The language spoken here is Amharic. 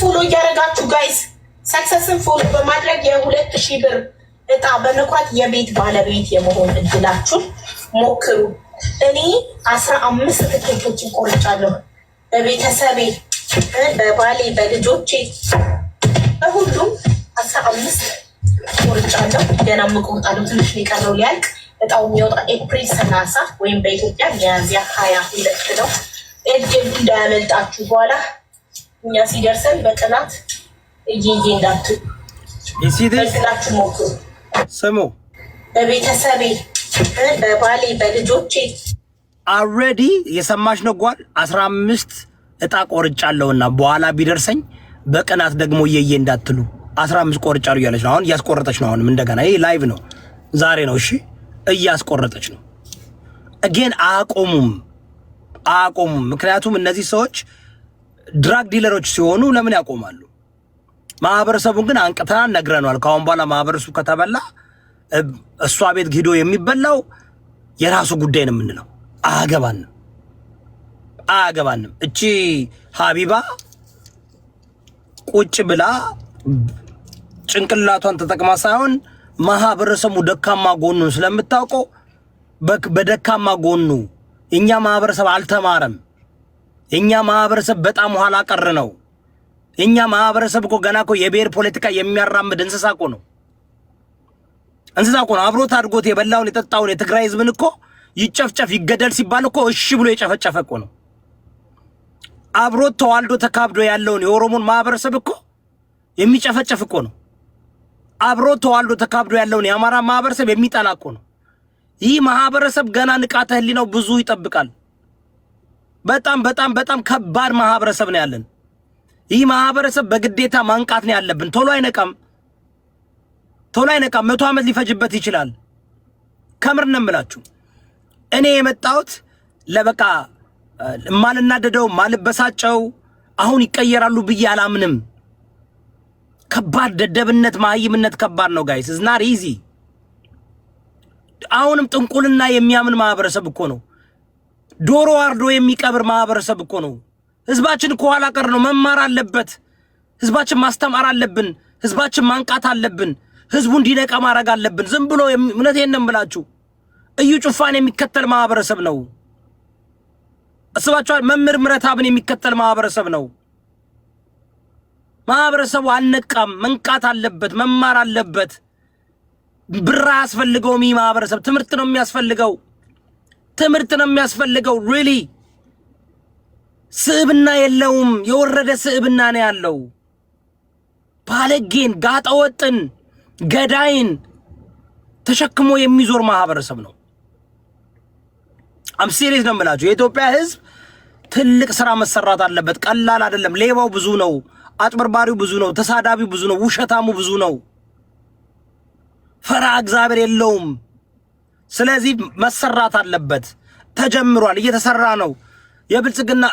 ፎሎ እያደረጋችሁ ጋይስ ሰክሰስን ፎሎ በማድረግ የሁለት ሺህ ብር እጣ በመኳት የቤት ባለቤት የመሆን እድላችሁን ሞክሩ። እኔ አስራ አምስት ትኬቶችን ቆርጫለሁ። በቤተሰቤ፣ በባሌ፣ በልጆቼ በሁሉም አስራ አምስት ቆርጫለሁ። ገና ምቆርጣለሁ። ትንሽ ሊቀረው ሊያልቅ እጣው የሚወጣ ኤፕሪል ሰላሳ ወይም በኢትዮጵያ ሚያዝያ ሀያ ሁለት ነው። እድል እንዳያመልጣችሁ በኋላ እኛ ሲደርሰን በቅናት እየዬ እንዳቱ በቅናት ሞቱ ስሙ በቤተሰቤ በባሌ በልጆቼ አልሬዲ የሰማሽ ነው ጓል አስራ አምስት እጣ ቆርጫለሁና በኋላ ቢደርሰኝ በቅናት ደግሞ እየዬ እንዳትሉ አስራ አምስት ቆርጫሉ እያለች ነው። አሁን እያስቆረጠች ነው። አሁንም እንደገና ይህ ላይቭ ነው፣ ዛሬ ነው። እሺ እያስቆረጠች ነው። ግን አቆሙም አያቆሙም። ምክንያቱም እነዚህ ሰዎች ድራግ ዲለሮች ሲሆኑ ለምን ያቆማሉ? ማህበረሰቡን ግን አንቅተናል፣ ነግረነዋል። ከአሁን በኋላ ማህበረሰቡ ከተበላ እሷ ቤት ሂዶ የሚበላው የራሱ ጉዳይ ነው የምንለው። አያገባንም፣ አያገባንም። እቺ ሀቢባ ቁጭ ብላ ጭንቅላቷን ተጠቅማ ሳይሆን ማህበረሰቡ ደካማ ጎኑን ስለምታውቀው በደካማ ጎኑ እኛ ማህበረሰብ አልተማረም እኛ ማህበረሰብ በጣም ኋላ ቀር ነው። እኛ ማህበረሰብ እኮ ገና እኮ የብሔር ፖለቲካ የሚያራምድ እንስሳ እኮ ነው። እንስሳ እኮ ነው። አብሮት አድጎት የበላውን የጠጣውን የትግራይ ህዝብን እኮ ይጨፍጨፍ ይገደል ሲባል እኮ እሺ ብሎ የጨፈጨፈ እኮ ነው። አብሮት ተዋልዶ ተካብዶ ያለውን የኦሮሞን ማህበረሰብ እኮ የሚጨፈጨፍ እኮ ነው። አብሮት ተዋልዶ ተካብዶ ያለውን የአማራ ማህበረሰብ የሚጠላ እኮ ነው። ይህ ማህበረሰብ ገና ንቃተ ህሊናው ብዙ ይጠብቃል። በጣም በጣም በጣም ከባድ ማህበረሰብ ነው ያለን። ይህ ማህበረሰብ በግዴታ ማንቃት ነው ያለብን። ቶሎ አይነቃም፣ ቶሎ አይነቃም። መቶ ዓመት ሊፈጅበት ይችላል። ከምር ነው የምላችሁ። እኔ የመጣሁት ለበቃ ማልናደደው ማልበሳጨው አሁን ይቀየራሉ ብዬ አላምንም። ከባድ ደደብነት፣ ማህይምነት ከባድ ነው ጋይስ፣ ኢዝ ናት ኢዚ። አሁንም ጥንቁልና የሚያምን ማህበረሰብ እኮ ነው ዶሮ አርዶ የሚቀብር ማህበረሰብ እኮ ነው። ህዝባችን ከኋላ ቀር ነው። መማር አለበት። ህዝባችን ማስተማር አለብን። ህዝባችን ማንቃት አለብን። ህዝቡ እንዲነቃ ማድረግ አለብን። ዝም ብሎ እምነት ነው የምላችሁ፣ እዩ ጩፋን የሚከተል ማህበረሰብ ነው። አስባችኋል? መምህር ምረታብን የሚከተል ማህበረሰብ ነው። ማህበረሰቡ አልነቃም። መንቃት አለበት። መማር አለበት። ብር አያስፈልገውም። ይህ ማህበረሰብ ትምህርት ነው የሚያስፈልገው። ትምህርት ነው የሚያስፈልገው። ሪሊ ስዕብና የለውም። የወረደ ስዕብና ነው ያለው። ባለጌን፣ ጋጠወጥን፣ ገዳይን ተሸክሞ የሚዞር ማህበረሰብ ነው። አምሴሬት ነው የምላችሁ። የኢትዮጵያ ህዝብ ትልቅ ስራ መሰራት አለበት። ቀላል አይደለም። ሌባው ብዙ ነው። አጭበርባሪው ብዙ ነው። ተሳዳቢው ብዙ ነው። ውሸታሙ ብዙ ነው። ፈራ እግዚአብሔር የለውም። ስለዚህ መሰራት አለበት። ተጀምሯል፣ እየተሰራ ነው። የብልጽግና